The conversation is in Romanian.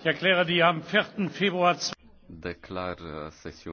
ich erkläre die am. declar uh, sesiunea